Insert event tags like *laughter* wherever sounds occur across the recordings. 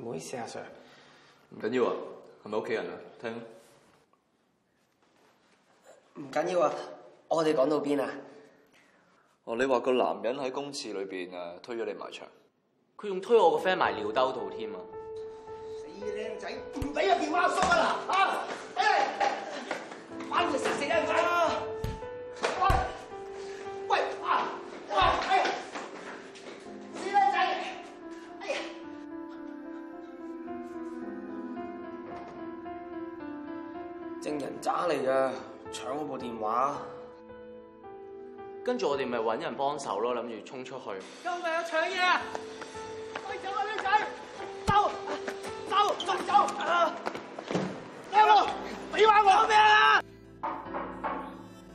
唔好意思啊，Sir，唔緊要啊，係咪屋企人啊？聽，唔緊要啊，我哋講到邊啊？哦，你話個男人喺公廁裏邊啊推咗你埋牆，佢仲推我個 friend 埋尿兜度添啊！死靚仔，唔俾我電話叔啦啊！誒，反正殺死靚仔啦！令人渣嚟噶，搶我部電話，跟住我哋咪揾人幫手咯，諗住衝出去。救命啊，搶嘢啊！喂，上啊，女仔！走走走走，阿武、啊，你還我！做咩啊？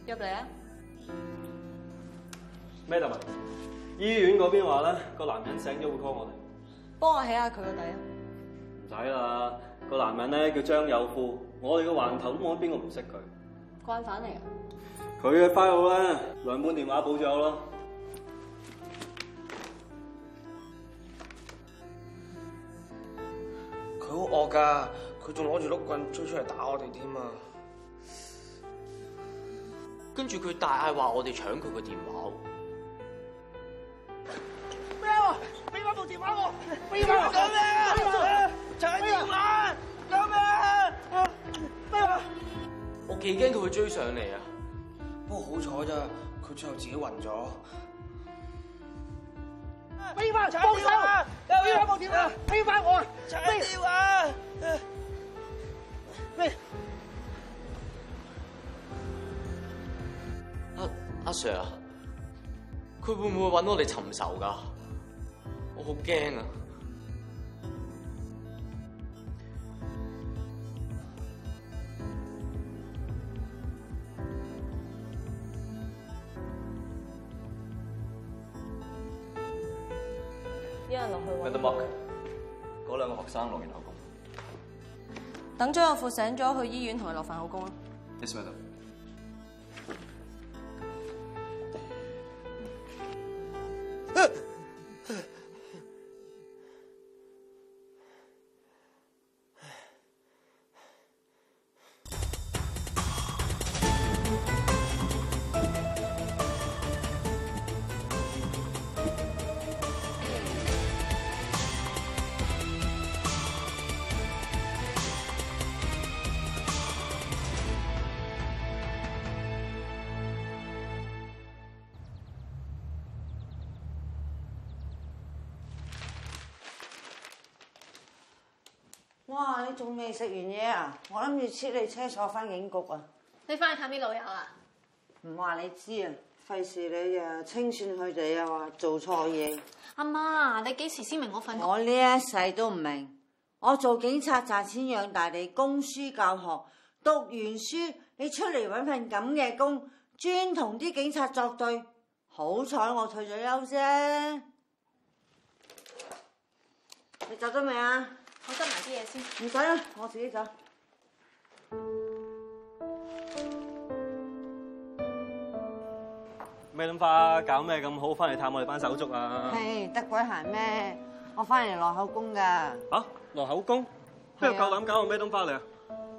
入嚟啊？Madam？醫院嗰邊話咧，個男人醒咗會 call 我哋。幫我起下佢個底啊！唔使啦，個男人咧叫張有富。我哋嘅環頭，我邊個唔識佢？慣犯嚟噶。佢嘅 file 兩本電話簿保住咗咯。佢好惡噶，佢仲攞住碌棍追出嚟打我哋添啊！跟住佢大嗌，話我哋搶佢嘅電話。咩？畀返部電話我！畀返部電話？幾驚佢會追上嚟啊！不過好彩咋，佢最後自己暈咗。不要翻牆，放手！不要甩我條命，不要翻我啊！不要啊！我，阿阿 Sir 啊，佢、啊啊板啊啊、會唔會揾我哋尋仇噶？我好驚啊！我扶醒咗，去醫院同佢落份口供啊，Yes, madam. 哇！你仲未食完嘢啊？我諗住切你車坐翻警局啊！你翻去探啲老友啊？唔話你知啊，費事你啊清算佢哋啊話，做錯嘢。阿媽你幾時先明我份？我呢一世都唔明，我做警察賺錢養大你，供書教學，讀完書你出嚟搵份咁嘅工，專同啲警察作對，好彩我退咗休啫。你走咗未啊？我執埋啲嘢先，唔使啦！我自己走。咩諗法？搞咩咁好？翻嚟探我哋班手足啊！嘿，得鬼閒咩？我翻嚟落口供噶。啊，落口供？咩夠膽搞個咩東花嚟啊？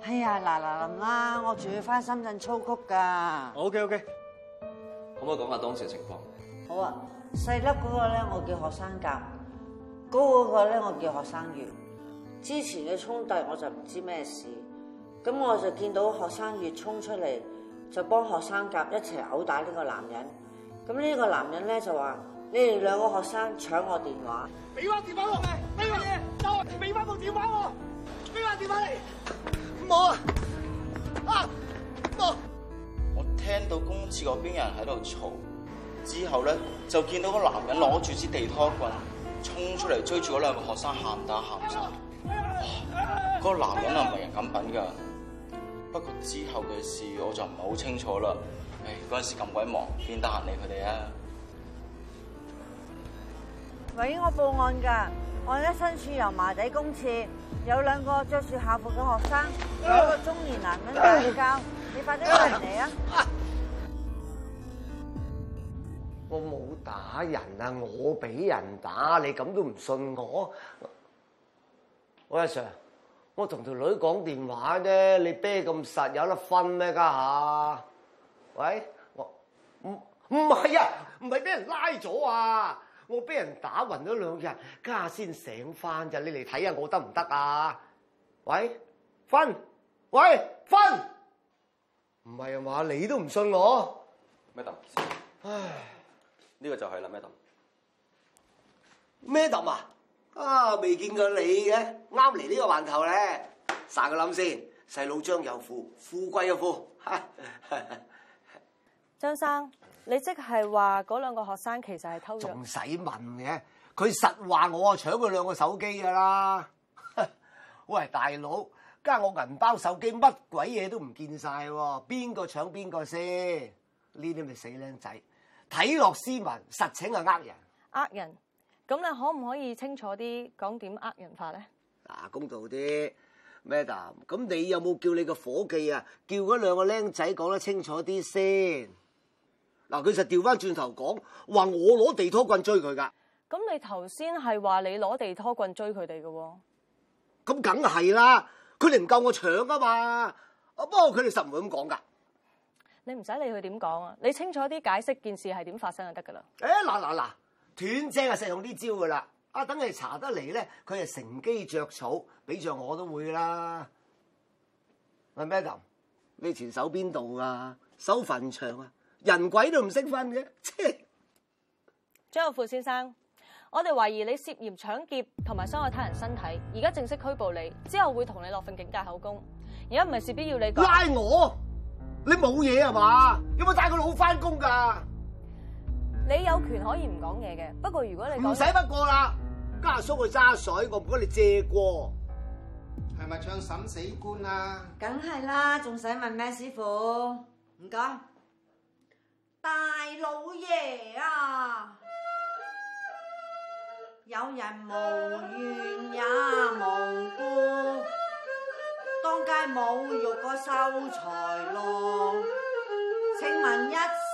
哎呀，嗱嗱臨啦！我仲要翻深圳操曲噶。O K O K，可唔可以講下當時嘅情況？好啊，細粒嗰個咧，我叫學生甲；高嗰個咧，我叫學生乙。之前嘅衝突我就唔知咩事，咁我就見到學生乙衝出嚟，就幫學生甲一齊毆打呢個男人。咁呢個男人咧就話：你哋兩個學生搶我電話，俾翻電話我咪，呢樣俾翻部電話我，俾翻電話你，冇啊，啊冇。我聽到公廁嗰邊有人喺度嘈，之後咧就見到個男人攞住支地拖棍衝出嚟追住嗰兩個學生喊打喊殺。個男人唔係人咁品噶，不過之後嘅事我就唔係好清楚啦。唉，嗰陣時咁鬼忙，邊得閒理佢哋啊？喂，我報案噶，我而家身處油麻地公廁，有兩個着住校服嘅學生，一個中年男人打交，你快啲派人嚟啊！我冇打人啊，我俾人打，你咁都唔信我？喂，我阿 Sir。我同條女講電話啫，你啤咁實有得分咩？家下，喂，我唔唔係啊，唔係俾人拉咗啊，我俾人打暈咗兩日，家下先醒翻咋，你嚟睇下我得唔得啊？喂，分，喂，分，唔係啊，話你都唔信我，Madam？唉，呢個就係啦，Madam？Madam 啊？啊！未見過你嘅，啱嚟呢個環頭咧，查個諗先想想。細佬張有富，富貴嘅富。張生，你即係話嗰兩個學生其實係偷？仲使問嘅？佢實話我啊，搶佢兩個手機噶啦。喂，大佬，加我銀包、手機、乜鬼嘢都唔見晒，邊個搶邊個先？呢啲咪死靚仔？睇落斯文，實情係呃人，呃人。咁你可唔可以清楚啲講點呃人法咧？嗱，公道啲咩？咁你有冇叫你個伙計啊？叫嗰兩個僆仔講得清楚啲先。嗱，佢就調翻轉頭講話我攞地拖棍追佢噶。咁你頭先係話你攞地拖棍追佢哋噶？咁梗係啦，佢哋唔夠我搶啊嘛。不過佢哋實唔會咁講噶。你唔使理佢點講啊，你清楚啲解釋件事係點發生就得噶啦。誒，嗱嗱嗱。斷正係使用呢招噶啦，啊等佢查得嚟咧，佢係乘機着草，比着我都會啦。喂，Madam？你前手邊度啊？收墳場啊？人鬼都唔識分嘅。 *laughs* 張有富先生，我哋懷疑你涉嫌搶劫同埋傷害他人身體，而家正式拘捕你，之後會同你落份警戒口供。而家唔係事必要你拉我，你冇嘢呀嘛？有冇帶個腦返工㗎？你有權可以唔講嘢嘅，不過如果你唔使不過啦，家叔去揸水，我唔該你借過，係咪唱審死官啊？梗係啦，仲使問咩師傅？唔該，大老爺啊！有人無緣也無故，當街侮辱個秀才郎，請問一。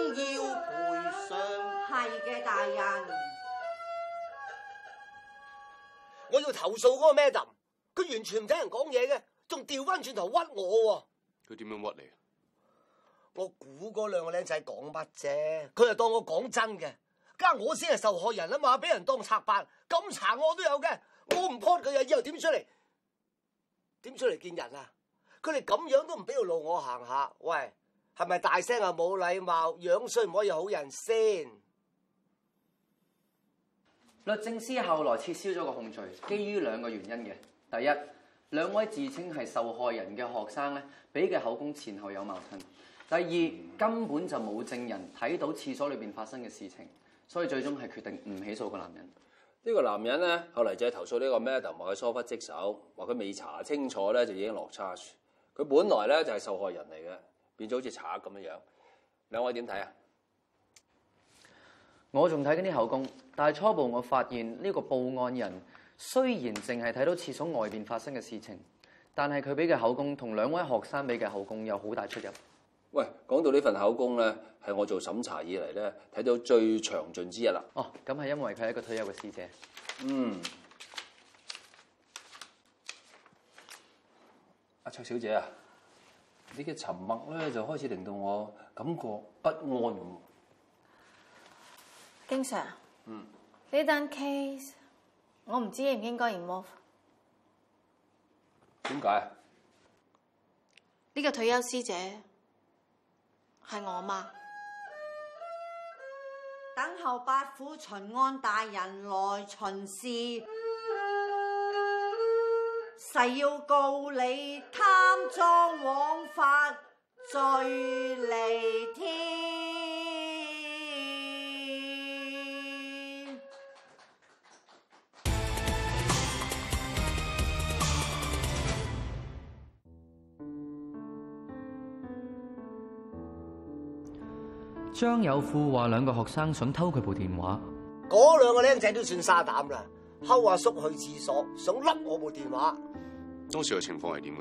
要投訴嗰個咩 Madam？佢完全唔聽人講嘢嘅，仲調翻轉頭屈我喎。佢點樣屈你？我估嗰兩個靚仔講乜啫？佢又當我講真嘅，梗係我先係受害人啊嘛！俾人當賊辦咁查我都有嘅，我唔判佢又之後點出嚟？點出嚟見人啊？佢哋咁樣都唔俾條路我行下。喂，係咪大聲呀？冇禮貌，樣衰唔可以好人先？律政司後來撤銷咗個控罪，基於兩個原因嘅。第一，兩位自稱係受害人嘅學生咧，俾嘅口供前後有矛盾；第二，根本就冇證人睇到廁所裏邊發生嘅事情，所以最終係決定唔起訴個男人。呢個男人咧，後嚟就係投訴呢個 Madam，同埋佢疏忽職守，話佢未查清楚咧就已經落 charge。佢本來咧就係受害人嚟嘅，變咗好似賊咁樣樣。兩位點睇啊？我仲睇緊啲口供，但係初步我發現呢個報案人雖然淨係睇到廁所外邊發生嘅事情，但係佢俾嘅口供同兩位學生俾嘅口供有好大出入。喂，講到呢份口供咧，係我做審查以嚟咧，睇到最詳盡之一啦。哦，咁係因為佢係一個退休嘅師姐。嗯，阿卓小姐啊，你嘅沉默咧就開始令到我感覺不安。經常。呢單 case 我唔知應唔應該 remove。點解？呢個退休師姐係我媽。等候八府巡按大人來巡視，嗯、誓要告你貪贓枉法罪彌天。張有富話：兩個學生想偷佢部電話，嗰兩個僆仔都算沙膽啦，偷阿叔，叔去廁所，想笠我部電話。當時嘅情況係點嘅？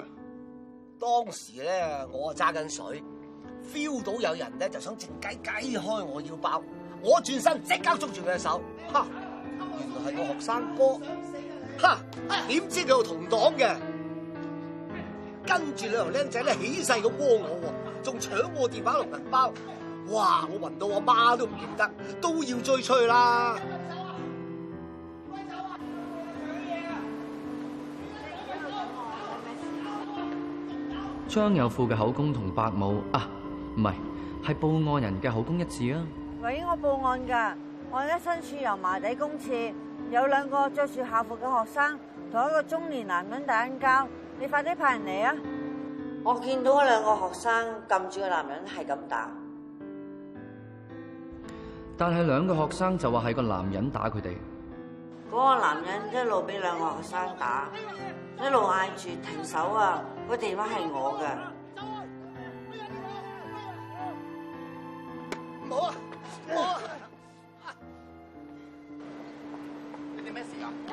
當時咧，我揸緊水，feel 到有人咧就想靜雞雞解開我腰包，我轉身即刻捉住佢手，吓，原來係個學生哥，吓，點知佢有同黨嘅，跟住兩個僆仔咧起勢咁摸我，仲搶我電話同銀包。哇！我暈到我媽都唔認得，都要追出去啦！張有富嘅口供同伯母，啊，唔係，係報案人嘅口供一致啊！係我報案㗎，我而家身處油麻地公廁，有兩個着住校服嘅學生同一個中年男人打緊交，你快啲派人嚟啊！我見到兩個學生撳住個男人係咁打。但係兩個學生就話係個男人打佢哋，嗰個男人一路俾兩個學生打，一路嗌住停手啊！個電話係我噶，唔好啊！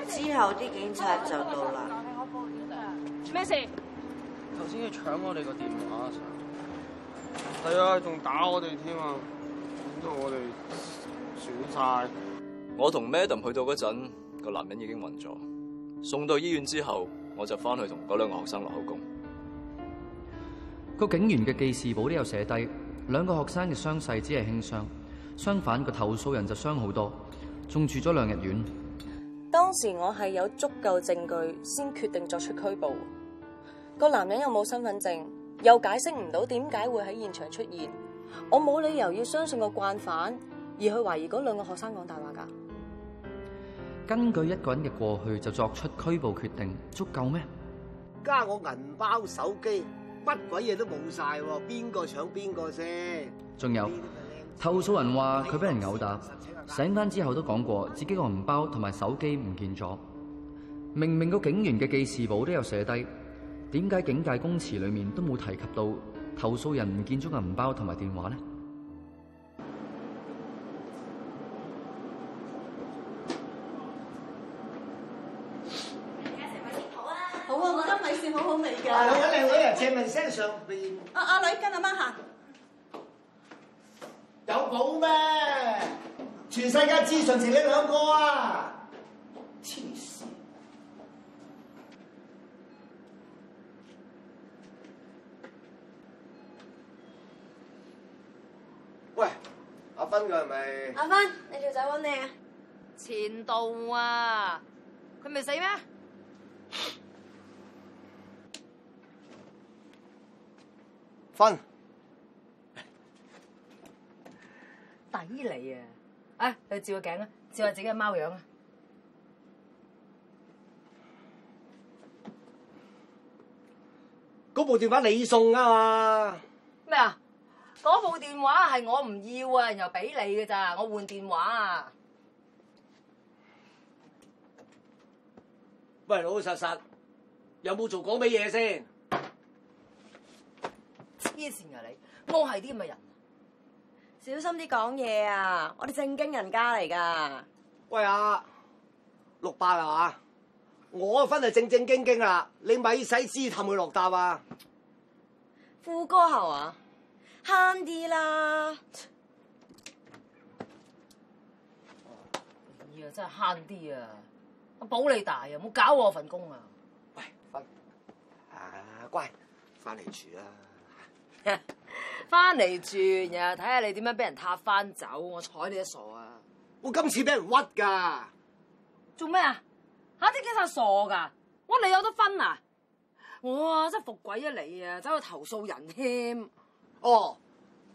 之後啲警察就到啦。做咩事？頭先佢搶我哋個電話，係啊，仲打我哋添啊，點解我哋？曬，我同 Madam 去到嗰陣，個男人已經暈咗。送到醫院之後，我就翻去同嗰兩個學生落口供。個警員嘅記事簿都有寫低，兩個學生嘅傷勢只係輕傷，相反，個投訴人就傷好多，仲住咗兩日院。當時我係有足夠證據先決定作出拘捕。個男人又冇身份證，又解釋唔到點解會喺現場出現，我冇理由要相信個慣犯。而去懷疑嗰兩個學生講大話㗎？根據一個人嘅過去就作出拘捕決定，足夠咩？加我銀包、手機，乜鬼嘢都冇晒喎！邊個搶邊個先？仲有，投訴人話佢俾人毆打，醒返之後都講過自己個銀包同埋手機唔見咗。明明個警員嘅記事簿都有寫低，點解警誡供詞裡面都冇提及到投訴人唔見咗銀包同埋電話咧？我、啊、我的米線好好味嘅。我搵靚女又借問聲上邊。阿阿、啊、女跟阿媽行。有寶咩？全世界只存剩呢兩個啊！黐線！喂，阿芬佢係咪？阿芬，你條仔搵你啊？前度啊，佢未死咩？分抵你啊！啊，去照個鏡啦，照下自己嘅貓樣啊！嗰部電話你送啊嘛？咩啊？嗰部電話係我唔要啊，又俾你嘅咋？我換電話啊！喂，老老實實，有冇做嗰啲嘢先？黐線噶你，我係啲咁嘅人，小心啲講嘢啊！我哋正經人家嚟噶。喂啊，六伯啊嘛，我分係正正經經啦，你咪使知氹佢落搭啊！富哥喉啊，慳啲啦！呀真係慳啲啊！我保你大啊，唔好搞我份工啊！喂，翻啊，乖，翻嚟住啊。翻嚟住，又睇下你點樣俾人撻翻走，我睬你一傻啊我！我今次俾人屈噶，做咩啊？吓，啲警察傻噶？我你有得分啊？哇真係服鬼啊你啊，走去投訴人添、啊！哦！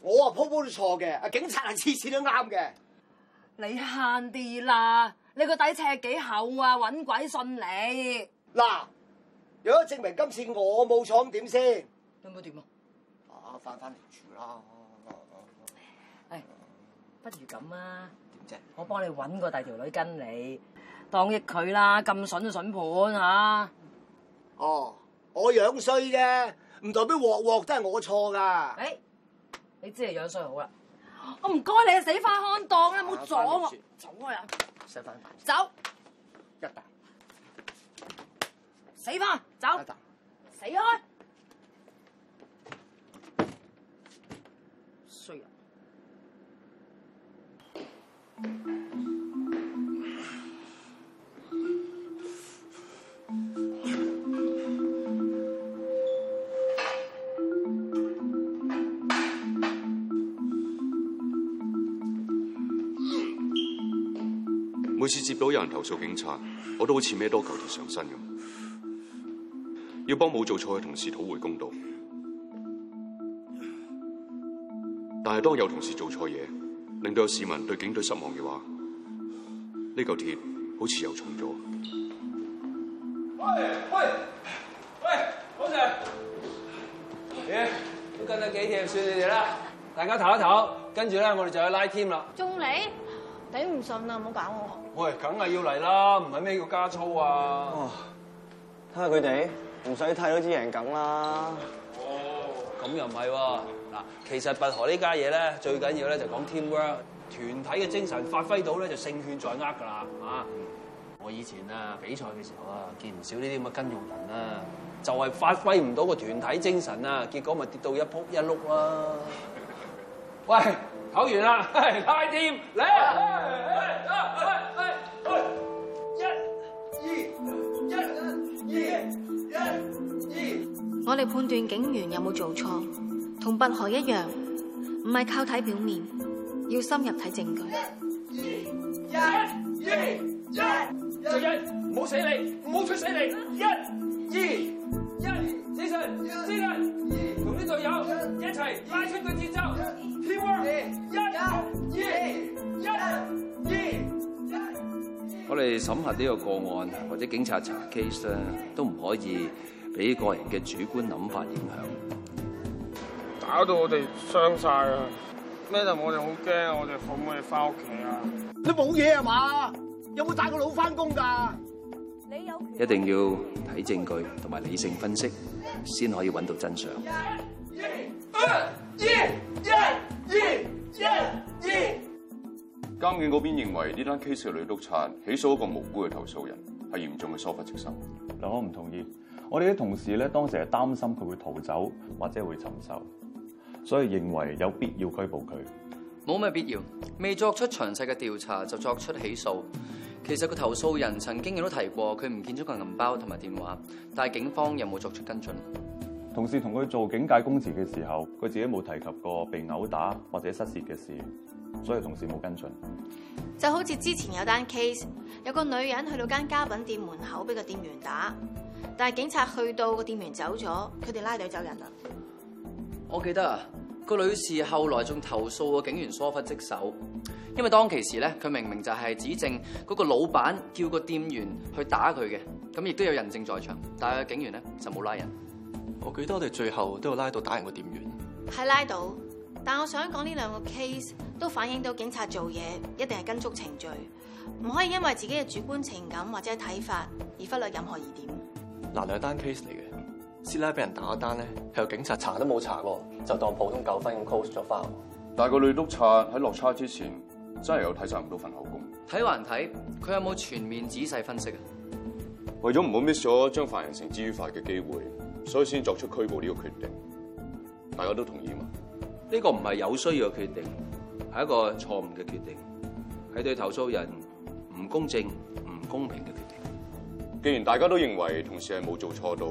我啊鋪鋪都錯嘅，警察係次次都啱嘅。你慳啲啦，你個底尺幾厚啊？搵鬼信你嗱？如果證明今次我冇錯咁點先？有冇點啊？翻返嚟住啦、哦哦哎！不如咁啊，我幫你搵個第二條女跟你當益佢啦，咁筍就筍盤吓。啊、哦，我樣衰啫，唔代表鑊鑊都係我錯噶、哎。你知係樣衰好啦，我唔該你死翻看檔啦，冇阻打開 我，走開啦，死翻，走一大，死翻，走，一打死開。衰人！每次接到有人投訴警察，我都好似咩都求其上身咁，要幫冇做錯嘅同事討回公道。但係當有同事做錯嘢，令到有市民對警隊失望嘅話，呢嚿鐵好似又重咗。喂喂喂，老細，耶，都跟咗幾 team 算你哋啦，大家唞一唞，跟住咧我哋就去拉 team 啦。仲嚟？頂唔順啦，唔好搞我。喂，梗係要嚟啦，唔係咩叫加操啊？哦，睇下佢哋，唔使睇都知贏緊啦。哦，咁又唔係喎。嗱，其實拔河呢家嘢咧，最緊要咧就講 teamwork，團體嘅精神發揮到咧就勝券在握噶啦！啊，我以前啊比賽嘅時候啊，見唔少呢啲咁嘅金融人啊，就係、是、發揮唔到個團體精神啊，結果咪跌到一仆一碌啦！喂，考完啦，快啲嚟啊！一、二、一、二、一、一二，我哋判斷警員有冇做錯？同拔河一樣，唔係靠睇表面，要深入睇證據。一、二、一、二、一。小人，唔好死你，唔好出死你。一、二、一。小人，小人，同啲隊友一齊拉出個節奏。Teamwork！一、二、一、二、一。我哋審核呢個個案或者警察查 case 咧，都唔可以俾個人嘅主觀諗法影響。搞到我哋傷晒啊！咩都，我哋好驚，我哋可唔可以翻屋企啊？你冇嘢啊嘛？有冇帶個腦返工㗎？你有一定要睇證據同埋理性分析，先可以揾到真相。一、二、一、二、一、二、一、二。監警嗰邊認為呢單 case 嘅女督察起訴一個無辜嘅投訴人，係嚴重嘅疏忽職守。嗱，我唔同意。我哋啲同事咧，當時係擔心佢會逃走或者會尋仇。所以認為有必要拘捕佢，冇咩必要，未作出詳細嘅調查就作出起訴。其實個投訴人曾經亦都提過佢唔見咗個銀包同埋電話，但係警方有冇作出跟進？同事同佢做警誡供詞嘅時候，佢自己冇提及過被毆打或者失竊嘅事，所以同事冇跟進。就好似之前有單 case，有個女人去到間家品店門口俾個店員打，但係警察去到個店員走咗，佢哋拉隊走人啦。我記得啊，個女士後來仲投訴個警員疏忽職守，因為當其時咧，佢明明就係指證嗰個老闆叫個店員去打佢嘅，咁亦都有人證在場，但係個警員咧就冇拉人。我記得我哋最後都有拉到打人個店員，係拉到，但係我想講呢兩個 case 都反映到警察做嘢一定係跟足程序，唔可以因為自己嘅主觀情感或者睇法而忽略任何疑點。嗱，兩單 case 嚟嘅。師奶俾人打單咧，佢警察查都冇查喎，就當普通糾紛咁 close 咗返。但係個女督察喺落差之前，真係有睇晒唔到份口供。睇歸睇，佢有冇全面仔細分析啊？為咗唔好 miss 咗將犯人繩之於法嘅機會，所以先作出拘捕呢個決定。大家都同意嘛？呢個唔係有需要嘅決定，係一個錯誤嘅決定，係對投訴人唔公正、唔公平嘅決定。既然大家都認為同事係冇做錯到。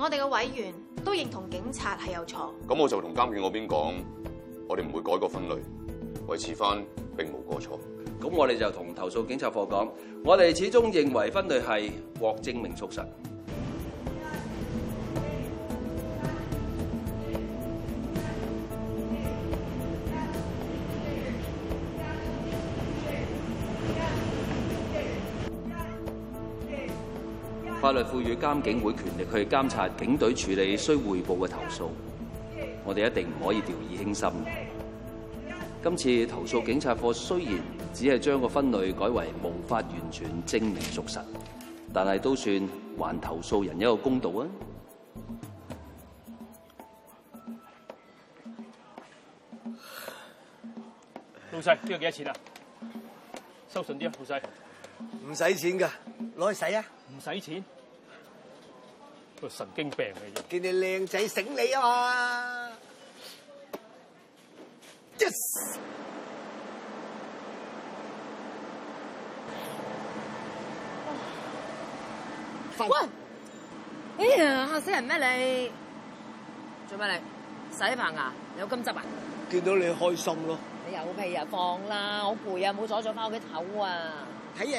我哋嘅委員都認同警察係有錯，咁我就同監警嗰邊講，我哋唔會改個分類，維持翻，並無過錯。咁我哋就同投訴警察課講，我哋始終認為分類係獲證明屬實。法律賦予監警會權力，去監察警隊處理需匯報嘅投訴，我哋一定唔可以掉以輕心。今次投訴警察課雖然只係將個分類改為無法完全證明屬實，但係都算還投訴人一個公道啊。老細，呢個幾多錢啊？收信啲啊，老細，唔使錢㗎，攞去使啊，唔使錢。個神經病嘅人，見你靚仔醒你啊嘛！Yes，放，哎呀，嚇死人咩你？做乜你，洗棚牙？有金執啊？見到你開心咯，你有屁又放啦！我好攰啊，冇阻住返屋企唞啊！睇嘢。